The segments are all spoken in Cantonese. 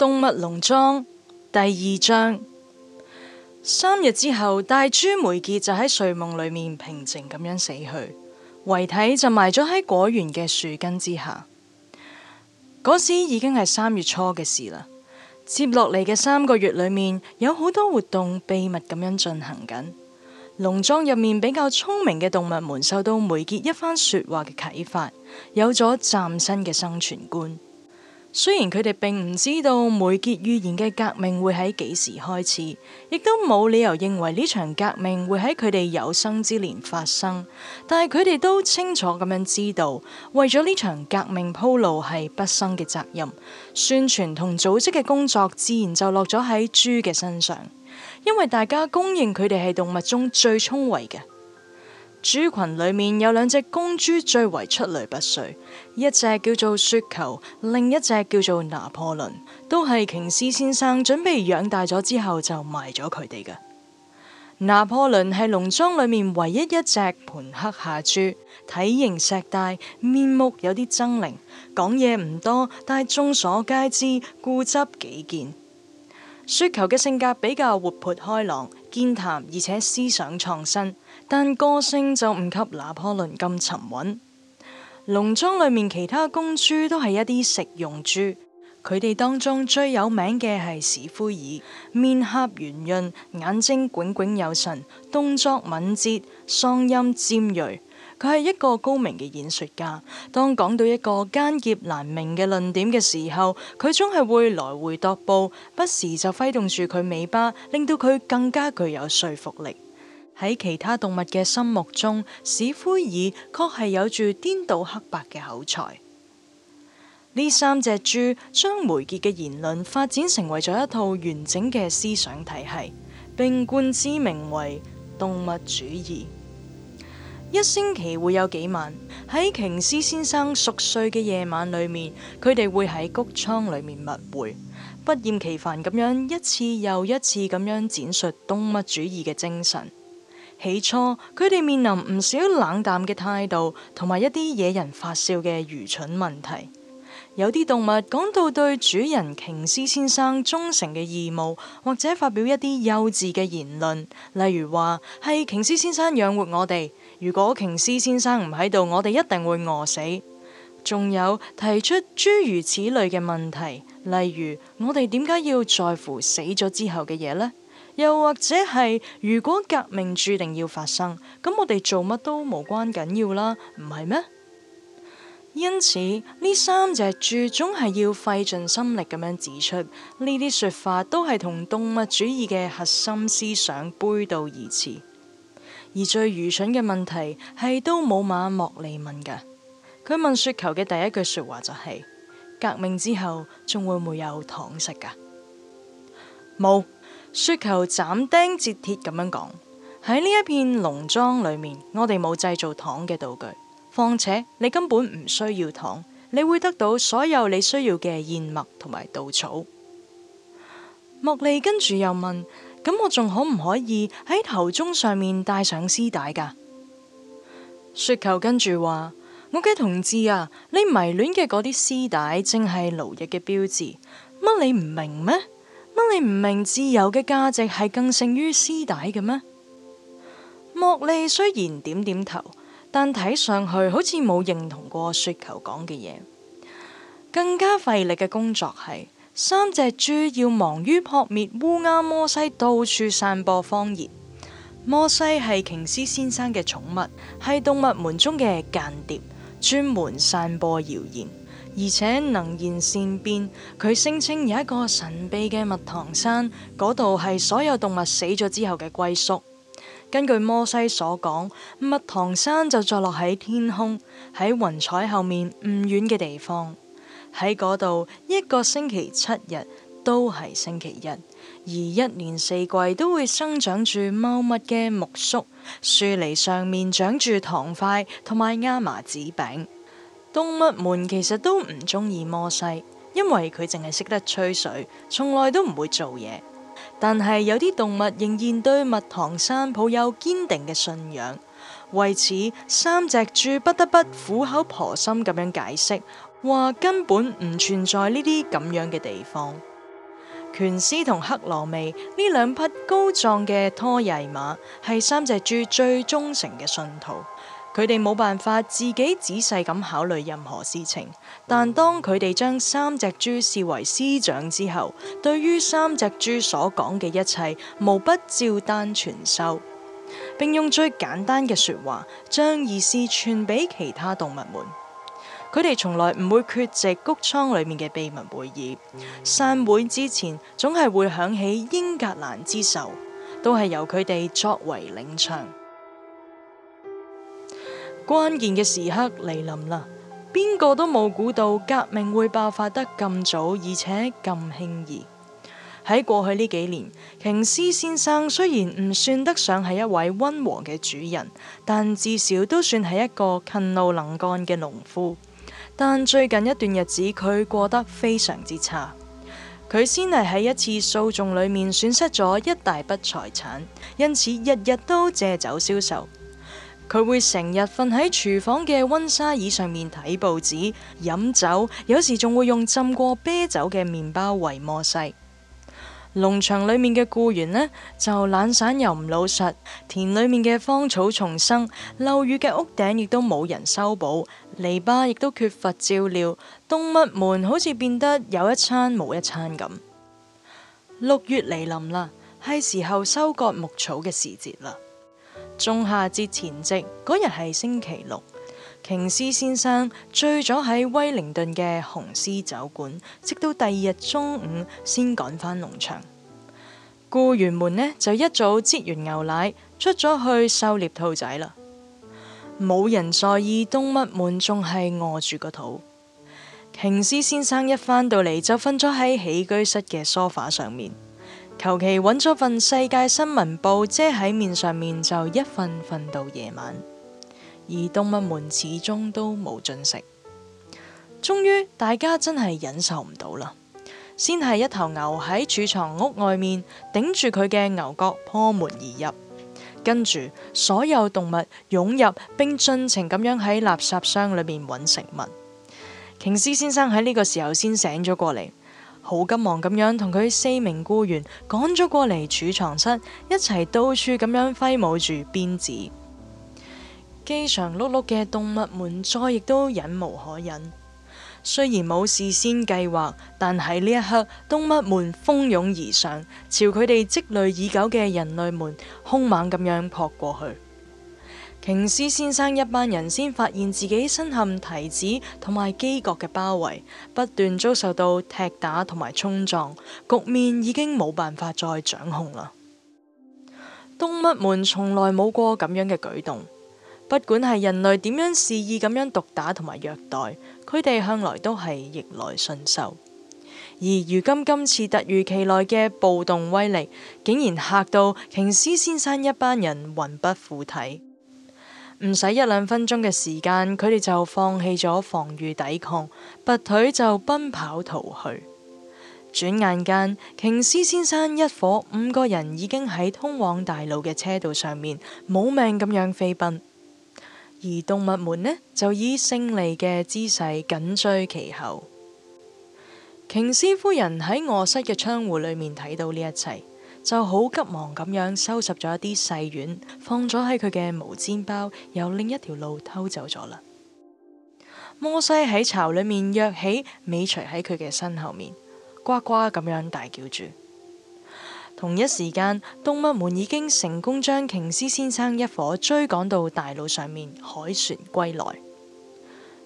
動物農莊第二章，三日之後，大豬梅傑就喺睡夢裏面平靜咁樣死去，遺體就埋咗喺果園嘅樹根之下。嗰時已經係三月初嘅事啦。接落嚟嘅三個月裏面，有好多活動秘密咁樣進行緊。農莊入面比較聰明嘅動物們，受到梅傑一番說話嘅啟發，有咗嶄新嘅生存觀。雖然佢哋並唔知道梅傑預言嘅革命會喺幾時開始，亦都冇理由認為呢場革命會喺佢哋有生之年發生。但係佢哋都清楚咁樣知道，為咗呢場革命鋪路係畢生嘅責任，宣傳同組織嘅工作自然就落咗喺豬嘅身上，因為大家公認佢哋係動物中最聰慧嘅。豬群裏面有兩隻公豬最為出類拔萃，一隻叫做雪球，另一隻叫做拿破崙，都係瓊斯先生準備養大咗之後就賣咗佢哋嘅。拿破崙係農莊裏面唯一一隻盤黑下豬，體型碩大，面目有啲猙獰，講嘢唔多，但係眾所皆知，固執己見。雪球嘅性格比較活潑開朗、健談，而且思想創新，但個性就唔及拿破崙咁沉穩。農莊裏面其他公豬都係一啲食用豬，佢哋當中最有名嘅係史菲爾，面頰圓潤，眼睛炯炯有神，動作敏捷，嗓音尖銳。佢係一個高明嘅演說家。當講到一個艱澀難明嘅論點嘅時候，佢總係會來回踱步，不時就揮動住佢尾巴，令到佢更加具有說服力。喺其他動物嘅心目中，史夫爾確係有住顛倒黑白嘅口才。呢三隻豬將梅傑嘅言論發展成為咗一套完整嘅思想體系，並冠之名為動物主義。一星期會有幾晚喺瓊斯先生熟睡嘅夜晚裏面，佢哋會喺穀倉裏面密會，不厭其煩咁樣一次又一次咁樣展述動物主義嘅精神。起初，佢哋面臨唔少冷淡嘅態度，同埋一啲惹人發笑嘅愚蠢問題。有啲動物講到對主人瓊斯先生忠誠嘅義務，或者發表一啲幼稚嘅言論，例如話係瓊斯先生養活我哋。如果瓊斯先生唔喺度，我哋一定會餓死。仲有提出諸如此類嘅問題，例如我哋點解要在乎死咗之後嘅嘢呢？又或者係如果革命注定要發生，咁我哋做乜都無關緊要啦，唔係咩？因此呢三隻豬總係要費盡心力咁樣指出，呢啲說法都係同動物主義嘅核心思想背道而馳。而最愚蠢嘅問題係都冇馬莫莉問嘅，佢問雪球嘅第一句說話就係、是：革命之後仲會唔會有糖食噶？冇，雪球斬釘截鐵咁樣講。喺呢一片農莊裏面，我哋冇製造糖嘅道具，況且你根本唔需要糖，你會得到所有你需要嘅燕麥同埋稻草。莫莉跟住又問。咁我仲可唔可以喺頭中上面戴上絲帶噶？雪球跟住話：我嘅同志啊，你迷戀嘅嗰啲絲帶正係奴役嘅標誌，乜你唔明咩？乜你唔明自由嘅價值係更勝於絲帶嘅咩？莫莉雖然點點頭，但睇上去好似冇認同過雪球講嘅嘢。更加費力嘅工作係。三隻豬要忙於撲滅烏鴉，烏摩西到處散播謊言。摩西係瓊斯先生嘅寵物，係動物們中嘅間諜，專門散播謠言，而且能言善辯。佢聲稱有一個神秘嘅蜜糖山，嗰度係所有動物死咗之後嘅歸宿。根據摩西所講，蜜糖山就坐落喺天空，喺雲彩後面唔遠嘅地方。喺嗰度，一個星期七日都係星期日，而一年四季都會生長住茂密嘅木宿，樹籬上面長住糖塊同埋亞麻子餅。動物們其實都唔中意摩西，因為佢淨係識得吹水，從來都唔會做嘢。但係有啲動物仍然對蜜糖山抱有堅定嘅信仰，為此三隻豬不得不苦口婆心咁樣解釋。話根本唔存在呢啲咁樣嘅地方。拳師同黑羅味呢兩匹高壯嘅拖曳馬，係三隻豬最忠誠嘅信徒。佢哋冇辦法自己仔細咁考慮任何事情，但當佢哋將三隻豬視為師長之後，對於三隻豬所講嘅一切，無不照單全收，並用最簡單嘅說話將意思傳俾其他動物們。佢哋從來唔會缺席穀倉裏面嘅秘密會議，散會之前總係會響起英格蘭之獸，都係由佢哋作為領唱。關鍵嘅時刻嚟臨啦，邊個都冇估到革命會爆發得咁早，而且咁輕易。喺過去呢幾年，瓊斯先生雖然唔算得上係一位温和嘅主人，但至少都算係一個勤勞能幹嘅農夫。但最近一段日子，佢過得非常之差。佢先係喺一次訴訟裏面損失咗一大筆財產，因此日日都借酒消愁。佢會成日瞓喺廚房嘅溫莎椅上面睇報紙、飲酒，有時仲會用浸過啤酒嘅麵包餵摩西。農場裏面嘅雇員呢，就懶散又唔老實。田裏面嘅荒草叢生，漏雨嘅屋頂亦都冇人修補。籬笆亦都缺乏照料，動物們好似變得有一餐冇一餐咁。六月嚟臨啦，係時候收割牧草嘅時節啦。仲夏節前夕嗰日係星期六，瓊斯先生醉咗喺威靈頓嘅紅絲酒館，直到第二日中午先趕返農場。僱員們呢就一早擠完牛奶，出咗去狩獵兔仔啦。冇人在意動物們仲係餓住個肚，瓊斯先生一返到嚟就瞓咗喺起居室嘅梳化上面，求其揾咗份世界新聞報遮喺面上面就一瞓瞓到夜晚。而動物們始終都冇進食，終於大家真係忍受唔到啦，先係一頭牛喺儲藏屋外面頂住佢嘅牛角破門而入。跟住，所有動物湧入並盡情咁樣喺垃圾箱裏面揾食物。瓊斯先生喺呢個時候先醒咗過嚟，好急忙咁樣同佢四名雇員趕咗過嚟儲藏室，一齊到處咁樣揮舞住鞭子。飢腸轆轆嘅動物們再亦都忍無可忍。雖然冇事先計劃，但喺呢一刻，動物們蜂擁而上，朝佢哋積累已久嘅人類們凶猛咁樣撲過去。瓊斯先生一班人先發現自己身陷蹄子同埋犄角嘅包圍，不斷遭受到踢打同埋衝撞，局面已經冇辦法再掌控啦。動物們從來冇過咁樣嘅舉動。不管係人類點樣肆意咁樣毒打同埋虐待，佢哋向來都係逆來順受。而如今今次突如其來嘅暴動威力，竟然嚇到瓊斯先生一班人魂不附體，唔使一兩分鐘嘅時間，佢哋就放棄咗防禦抵抗，拔腿就奔跑逃去。轉眼間，瓊斯先生一伙五個人已經喺通往大路嘅車道上面冇命咁樣飛奔。而動物們呢，就以勝利嘅姿勢緊追其後。瓊斯夫人喺臥室嘅窗戶裏面睇到呢一切，就好急忙咁樣收拾咗一啲細軟，放咗喺佢嘅毛氈包，由另一條路偷走咗啦。摩西喺巢裏面躍起，尾隨喺佢嘅身後面呱呱咁樣大叫住。同一時間，動物們已經成功將瓊斯先生一夥追趕到大路上面，凱旋歸來。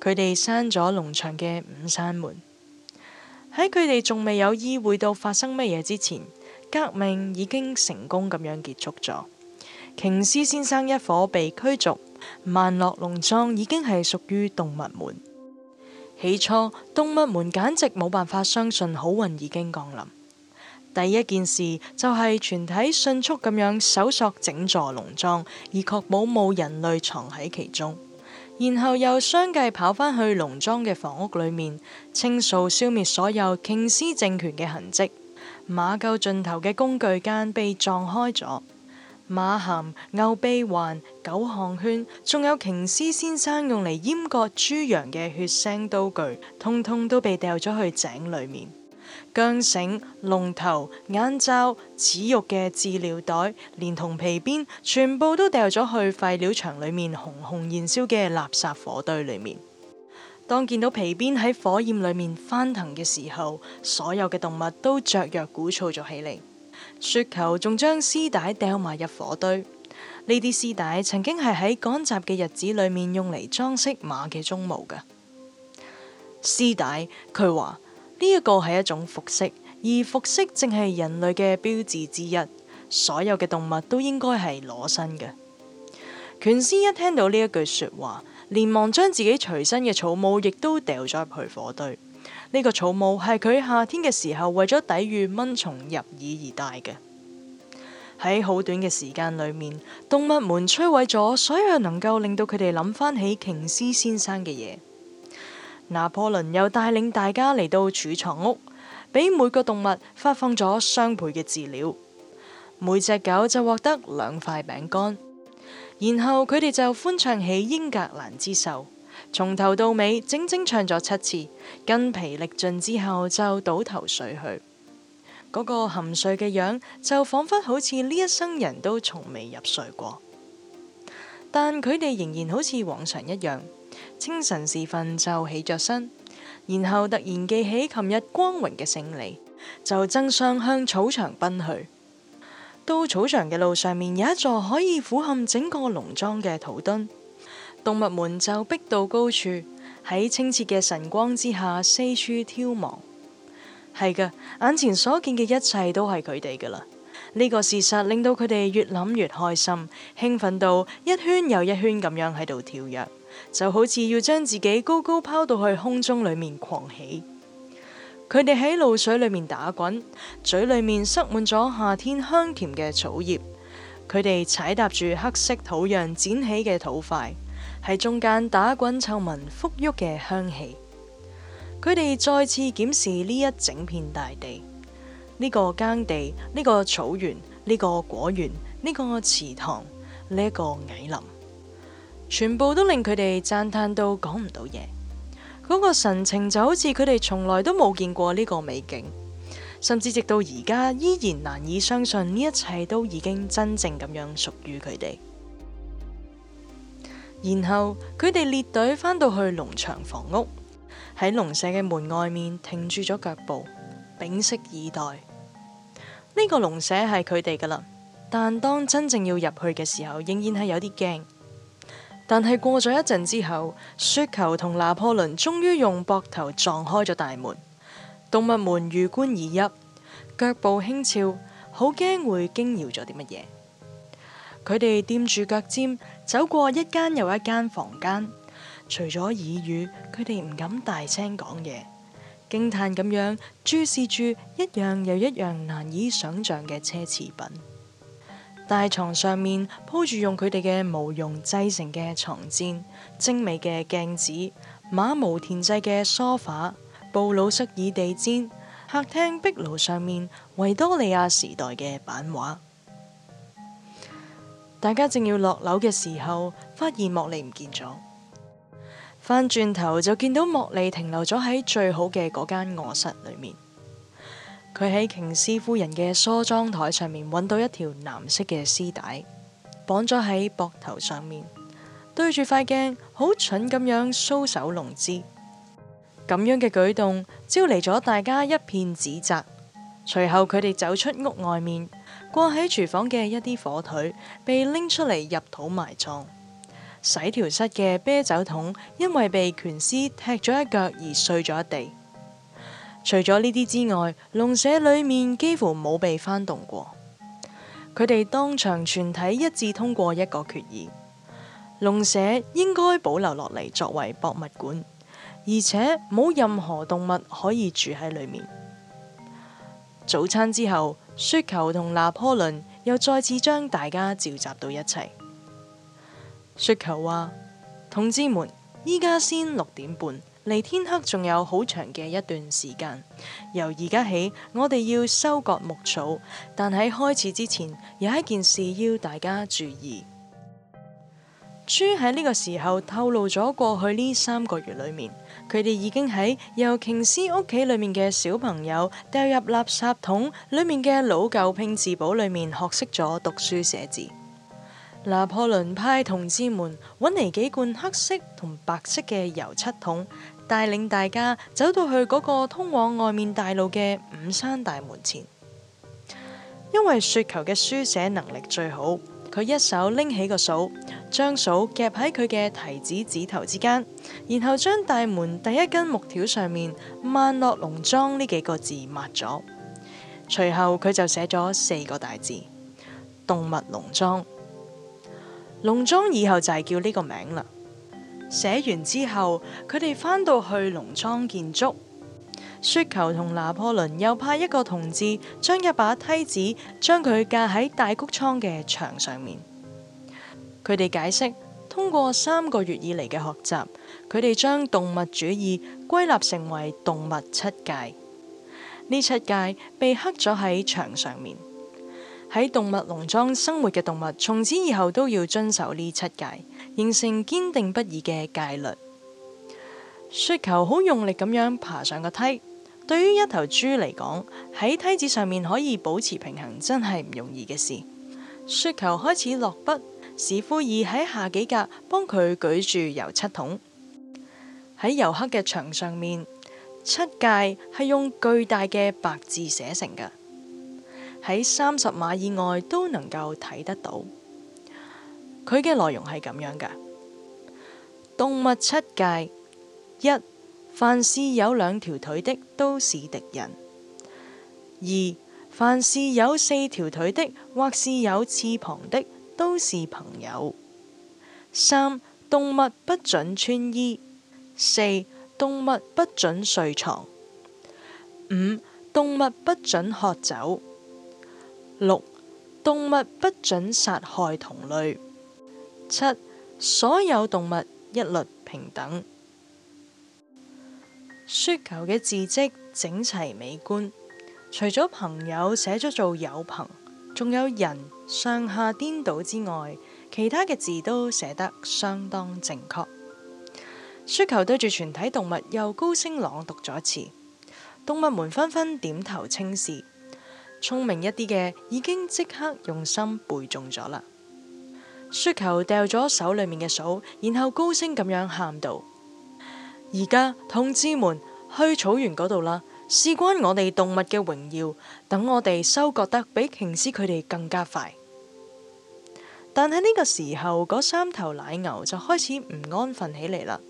佢哋閂咗農場嘅五山門。喺佢哋仲未有意會到發生乜嘢之前，革命已經成功咁樣結束咗。瓊斯先生一夥被驅逐，曼諾農莊已經係屬於動物們。起初，動物們簡直冇辦法相信好運已經降臨。第一件事就係全體迅速咁樣搜索整座農莊，以確保冇人類藏喺其中。然後又相繼跑返去農莊嘅房屋裏面，清掃消滅所有瓊斯政權嘅痕跡。馬廄盡頭嘅工具間被撞開咗，馬含、牛鼻環、狗項圈，仲有瓊斯先生用嚟閹割豬羊嘅血腥刀具，通通都被掉咗去井裏面。韁繩、龍頭、眼罩、恥辱嘅飼料袋，連同皮鞭，全部都掉咗去廢料場裏面紅紅燃燒嘅垃圾火堆裏面。當見到皮鞭喺火焰裏面翻騰嘅時候，所有嘅動物都雀躍鼓噪咗起嚟。雪球仲將絲帶掉埋入火堆，呢啲絲帶曾經係喺趕集嘅日子裏面用嚟裝飾馬嘅鬃毛嘅。絲帶，佢話。呢一個係一種服飾，而服飾正係人類嘅標誌之一。所有嘅動物都應該係裸身嘅。拳師一聽到呢一句說話，連忙將自己隨身嘅草帽亦都掉咗入去火堆。呢、這個草帽係佢夏天嘅時候為咗抵御蚊蟲入耳而戴嘅。喺好短嘅時間裏面，動物們摧毀咗所有能夠令到佢哋諗翻起瓊斯先生嘅嘢。拿破崙又帶領大家嚟到儲藏屋，俾每個動物發放咗雙倍嘅飼料，每隻狗就獲得兩塊餅乾。然後佢哋就歡唱起英格蘭之獸，從頭到尾整整唱咗七次，筋疲力盡之後就倒頭睡去。嗰、那個酣睡嘅樣，就仿佛好似呢一生人都從未入睡過。但佢哋仍然好似往常一樣。清晨時分就起着身，然後突然記起琴日光榮嘅勝利，就爭相向草場奔去。到草場嘅路上面有一座可以俯瞰整個農莊嘅土墩，動物們就逼到高處，喺清澈嘅晨光之下四處眺望。係嘅，眼前所見嘅一切都係佢哋噶啦。呢、這個事實令到佢哋越諗越開心，興奮到一圈又一圈咁樣喺度跳躍。就好似要將自己高高拋到去空中裏面狂喜。佢哋喺露水裏面打滾，嘴裏面塞滿咗夏天香甜嘅草葉，佢哋踩踏住黑色土壤剪起嘅土塊，喺中間打滾臭聞馥郁嘅香氣，佢哋再次檢視呢一整片大地，呢個耕地，呢個草原，呢個果園，呢個池塘，呢個矮林。全部都令佢哋讚嘆到講唔到嘢，嗰個神情就好似佢哋從來都冇見過呢個美景，甚至直到而家依然難以相信呢一切都已經真正咁樣屬於佢哋。然後佢哋列隊返到去農場房屋，喺農舍嘅門外面停住咗腳步，屏息以待。呢個農舍係佢哋噶啦，但當真正要入去嘅時候，仍然係有啲驚。但係過咗一陣之後，雪球同拿破崙終於用膊頭撞開咗大門。動物們魚貫而入，腳步輕俏，好驚會驚擾咗啲乜嘢。佢哋踮住腳尖走過一間又一間房間，除咗耳語，佢哋唔敢大聲講嘢，驚嘆咁樣注視住一樣又一樣難以想象嘅奢侈品。大床上面鋪住用佢哋嘅毛絨製成嘅床墊，精美嘅鏡子，馬毛填製嘅梳化，布魯塞爾地氈，客廳壁爐上面維多利亞時代嘅版畫。大家正要落樓嘅時候，發現莫莉唔見咗，翻轉頭就見到莫莉停留咗喺最好嘅嗰間臥室裏面。佢喺瓊斯夫人嘅梳妝台上面揾到一條藍色嘅絲帶，綁咗喺膊頭上面，對住塊鏡，好蠢咁樣搔首弄姿。咁樣嘅舉動招嚟咗大家一片指責。隨後佢哋走出屋外面，掛喺廚房嘅一啲火腿被拎出嚟入土埋葬。洗條室嘅啤酒桶因為被拳師踢咗一腳而碎咗一地。除咗呢啲之外，農舍裏面幾乎冇被翻動過。佢哋當場全體一致通過一個決議：農舍應該保留落嚟作為博物館，而且冇任何動物可以住喺裏面。早餐之後，雪球同拿破崙又再次將大家召集到一齊。雪球話：同志們，依家先六點半。離天黑仲有好長嘅一段時間。由而家起，我哋要收割牧草，但喺開始之前，有一件事要大家注意。豬喺呢個時候透露咗過去呢三個月裏面，佢哋已經喺尤瓊斯屋企裏面嘅小朋友掉入垃圾桶裏面嘅老舊拼字簿裏面學識咗讀書寫字。拿破崙派同志們揾嚟幾罐黑色同白色嘅油漆桶，帶領大家走到去嗰個通往外面大路嘅五山大門前。因為雪球嘅書寫能力最好，佢一手拎起個掃，將掃夾喺佢嘅提子指頭之間，然後將大門第一根木條上面“曼諾農莊”呢幾個字抹咗，隨後佢就寫咗四個大字：動物農莊。農莊以後就係叫呢個名啦。寫完之後，佢哋返到去農莊建築，雪球同拿破崙又派一個同志將一把梯子將佢架喺大谷倉嘅牆上面。佢哋解釋，通過三個月以嚟嘅學習，佢哋將動物主義歸納成為動物七誡，呢七誡被刻咗喺牆上面。喺動物農莊生活嘅動物，從此以後都要遵守呢七戒，形成堅定不移嘅戒律。雪球好用力咁樣爬上個梯，對於一頭豬嚟講，喺梯子上面可以保持平衡真係唔容易嘅事。雪球開始落筆，史庫爾喺下幾格幫佢舉住油漆桶。喺油黑嘅牆上面，七戒係用巨大嘅白字寫成嘅。喺三十碼以外都能夠睇得到。佢嘅內容係咁樣嘅：動物七戒，一，凡是有兩條腿的都是敵人；二，凡是有四條腿的或是有翅膀的都是朋友；三，動物不准穿衣；四，動物不准睡床；五，動物不准喝酒。六、動物不准殺害同類。七、所有動物一律平等。雪球嘅字跡整齊美觀，除咗朋友寫咗做友朋，仲有人上下顛倒之外，其他嘅字都寫得相當正確。雪球對住全體動物又高聲朗讀咗一次，動物們紛紛點頭稱是。聰明一啲嘅已經即刻用心背誦咗啦。雪球掉咗手裏面嘅數，然後高聲咁樣喊道：而家同志們去草原嗰度啦，事關我哋動物嘅榮耀。等我哋收割得比瓊斯佢哋更加快。但喺呢個時候，嗰三頭奶牛就開始唔安分起嚟啦。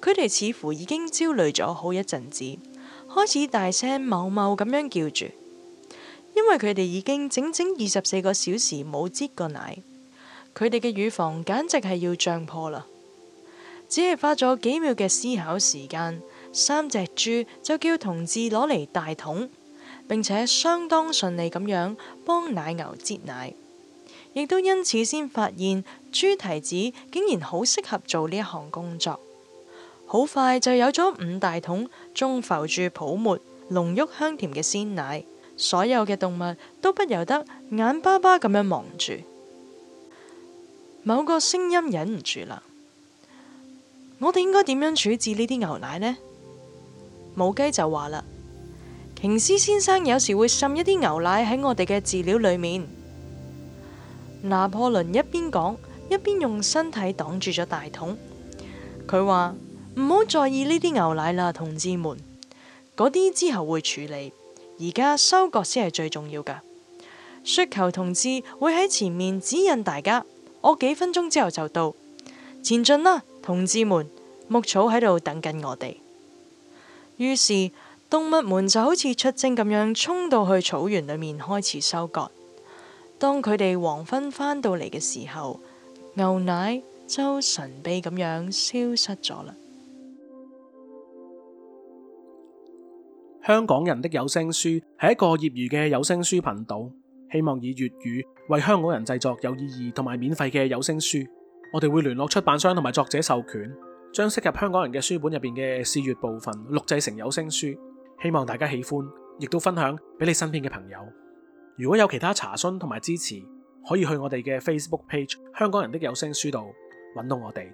佢哋似乎已經焦慮咗好一陣子，開始大聲哞哞咁樣叫住。因為佢哋已經整整二十四個小時冇擠過奶，佢哋嘅乳房簡直係要脹破啦。只係花咗幾秒嘅思考時間，三隻豬就叫同志攞嚟大桶，並且相當順利咁樣幫奶牛擠奶，亦都因此先發現豬蹄子竟然好適合做呢一項工作。好快就有咗五大桶，中浮住泡沫，濃郁香甜嘅鮮奶。所有嘅動物都不由得眼巴巴咁樣望住。某個聲音忍唔住啦，我哋應該點樣處置呢啲牛奶呢？母雞就話啦，瓊斯先生有時會滲一啲牛奶喺我哋嘅飼料裏面。拿破崙一邊講，一邊用身體擋住咗大桶。佢話唔好在意呢啲牛奶啦，同志們，嗰啲之後會處理。而家收割先係最重要㗎。雪球同志會喺前面指引大家，我幾分鐘之後就到。前進啦，同志們！牧草喺度等緊我哋。於是動物們就好似出征咁樣，衝到去草原裏面開始收割。當佢哋黃昏返到嚟嘅時候，牛奶就神秘咁樣消失咗啦。香港人的有聲書係一個業餘嘅有聲書頻道，希望以粵語為香港人製作有意義同埋免費嘅有聲書。我哋會聯絡出版商同埋作者授權，將適合香港人嘅書本入邊嘅試閱部分錄製成有聲書，希望大家喜歡，亦都分享俾你身邊嘅朋友。如果有其他查詢同埋支持，可以去我哋嘅 Facebook page《香港人的有聲書》度揾到我哋。